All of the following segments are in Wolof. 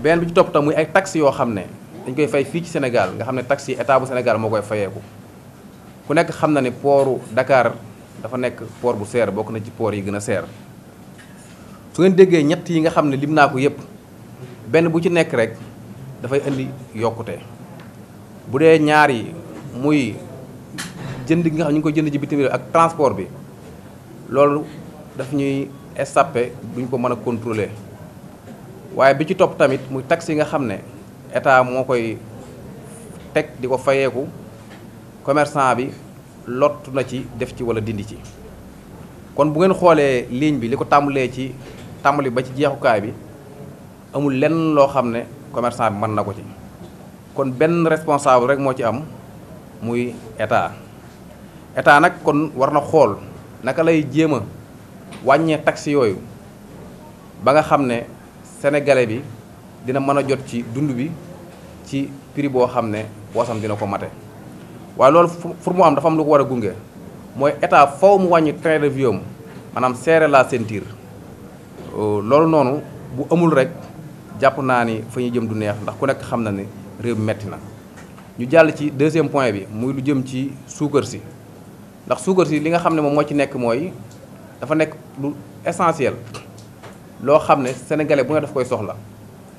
benn bi ci topp tam muy ay taxes yoo xam ne dañ koy fay fii ci Sénégal nga xam ne taxes yi état bu senegal moo koy fayeeku ku nekk xam na ne pooru Dakar dafa nekk port bu seer bokk na ci poor yi gën a seer su ngeen déggee ñett yi nga xam ne lim naa ko yépp benn bu ci nekk rek dafay indi yokkute bu dee ñaar yi muy jënd gi nga xam ñu ngi ko jënd ci bitim réew ak transport bi loolu daf ñuy estampé duñ ko mën a contrôler waaye bi ci topp tamit muy taxe yi nga xam ne état moo koy teg di ko fayeeku commerçant bi lottu na ci def ci wala dindi ci kon bu ngeen xoolee ligne bi li ko tàmbalee ci tàmbali ba ci jeexukaay bi amul lenn loo xam ne commerçant bi mën na ko ci kon benn responsable rek moo ci am muy état état nag kon war na xool naka lay jéem a wàññee taxe yooyu ba nga xam ne sénégalais bi dina mën a jot ci dund bi ci prix boo xam ne wasam dina ko mate waaye loolu pour mu am dafa am lu ko war a gunge mooy état faw mu wàññi train de vie am maanaam serrer la ceinture euh, loolu noonu bu amul rek jàpp naa ni fa ñu jëm du neex ndax ku nekk xam na ni réew mi metti na ñu jàll ci deuxième point bi muy lu jëm ci suukar si ndax suukar si li nga xam ne moom moo ci nekk mooy dafa nekk lu essentiel loo xam ne sénégalais bu nga daf koy soxla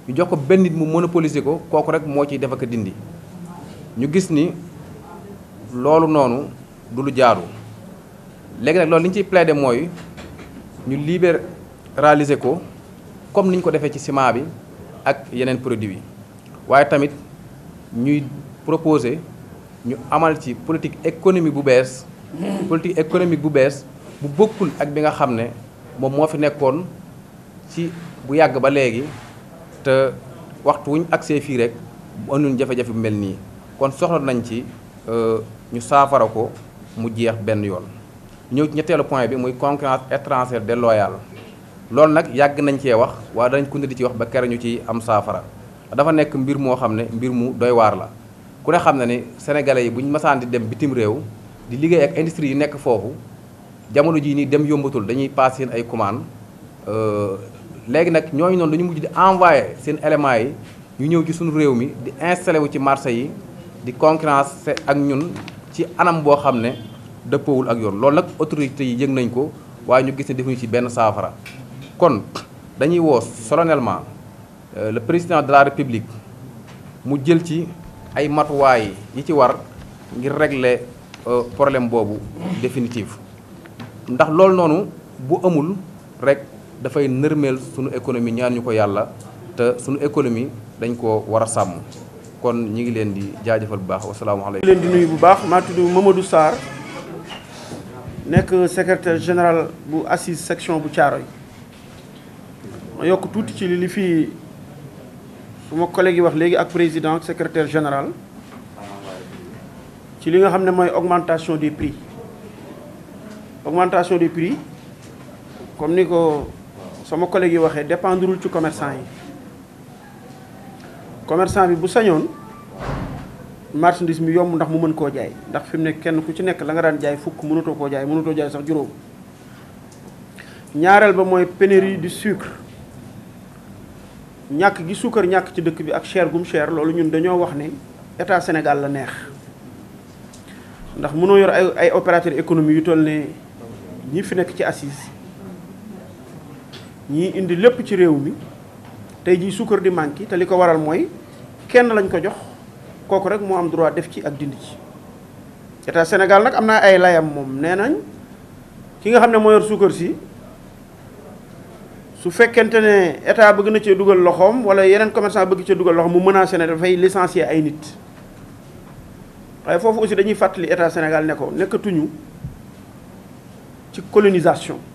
ñu jox ko benn nit mu monopoliser ko kooku rek moo ciy def ak dindi ñu gis ni loolu noonu du lu jaaru léegi nag loolu li ñu ciy plaider mooy ñu libéraliser ko comme ni ñu ko defee ci ciment bi ak yeneen produit yi waaye tamit ñuy proposer ñu amal ci politique économique bu bees politique économique bu bees bu bokkul ak bi nga xam ne moom moo fi nekkoon ci bu yàgg ba léegi te waxtu wuñ agsee fii rek bu anuñ jafe-jafe bu mel nii kon soxla nañ ci euh, ñu saafara ko mu jeex benn yoon ñëw ci ñetteelu point bi muy concurrence étrangère déloyale loolu nag yàgg nañ cee wax waa danañ ko di ci wax ba kere ñu ci am saafara dafa nekk mbir moo xam ne mbir mu doy waar la ku ne xam na ni sénégalais yi buñ masaan di dem bitim réew di liggéey ak industrie yi nekk foofu jamono jii nii dem yombatul dañuy paas seen ay commande euh, légui nak ñoy non dañu mujj di envoyé seen éléments yi ñu ñëw ci suñu réew mi di installer wu ci marché yi di concurrence ak ñun ci anam bo xamné ne dëppoowul ak yoon loolu nag autorités yi yëg nañ ko wa ñu gis ni defu ci ben safara kon dañuy wo solennellement euh, le président de la république mu jël ci ay matuwaay yi ci war ngir régler euh, problème bobu définitif ndax lool nonu bu amul rek dafay nërmeel sunu économie ñaan ñu ko yàlla te sunu économie dañ ko war a sàmm kon ñi ngi leen di jaajëfal bu baax wasalaamaaleykum. leen di nuyu bu baax maa tudd Mamadou Sarr nekk secretaire général bu assise section bu Thiaroye ma yokk tuuti ci li fi suma collègue yi wax léegi ak président secretaire général ci li nga xam ne mooy augmentation des prix augmentation des prix comme ni ko. sama collègue yi depan dépendrul ci commerçant yi commerçant bi bu sañoon marchandise mi yomb ndax mu mën koo jaay ndax fi mu ne kenn ku ci Nyaral la nga daan jaay fukk Nyak koo jaay mënutoo jaay sax juróom ñaareel ba mooy pénurie du sucre ñàkk gi suukar ñàkk ci dëkk bi ak cher gum cher ñun dañoo wax ne état sénégal la neex ndax yor ay ay opérateur économie yu toll ne ñi fi ci assise ñii indi lépp ci réew mi tey jii suukar di manqué te li ko waral mooy kenn lañ ko jox kooku rek moo am droit def ci ak dindi ci état Sénégal nag am naa ay layam moom nee nañ ki nga xam ne moo yor suukar si su fekkente ne état bëgg na cee dugal loxoom wala yeneen commerçant bëgg cee dugal loxoom mu menacé ne dafay licencier ay nit waaye foofu aussi dañuy fàttali état Sénégal ne ko nekkatuñu ci colonisation